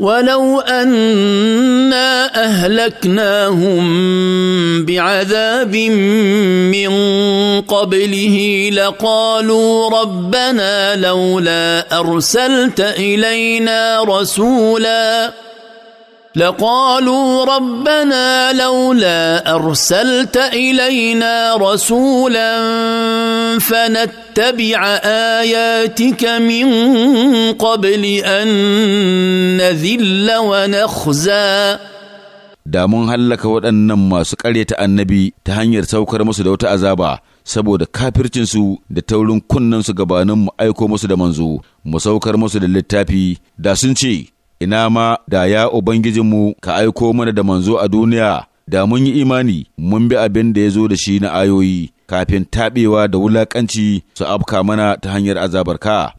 ولو انا اهلكناهم بعذاب من قبله لقالوا ربنا لولا ارسلت الينا رسولا لقالوا ربنا لولا ارسلت الينا رسولا فنتبع اياتك من قبل ان نذل ونخزى da mun hallaka waɗannan masu ƙaryata annabi ta hanyar saukar musu da wata azaba saboda kafircinsu da taurin kunnensu gabanin mu aiko musu da manzo mu saukar musu da littafi da sun ce ina ma da ya ubangijinmu ka aiko mana da manzo a duniya da mun yi imani mun bi abin da ya zo da shi na ayoyi kafin taɓewa da wulaƙanci su afka mana ta hanyar azabarka.